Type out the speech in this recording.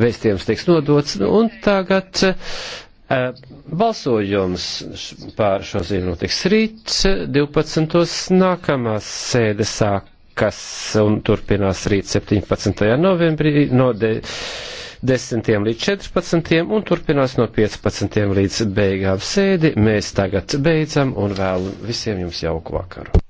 vēstījums tiks nodots. Nu, un tagad eh, Balsojums pār šo ziņu notiks rīt 12. nākamās sēde sākas un turpinās rīt 17. novembrī no 10. līdz 14. un turpinās no 15. līdz beigām sēdi. Mēs tagad beidzam un vēlu visiem jums jauku vakaru.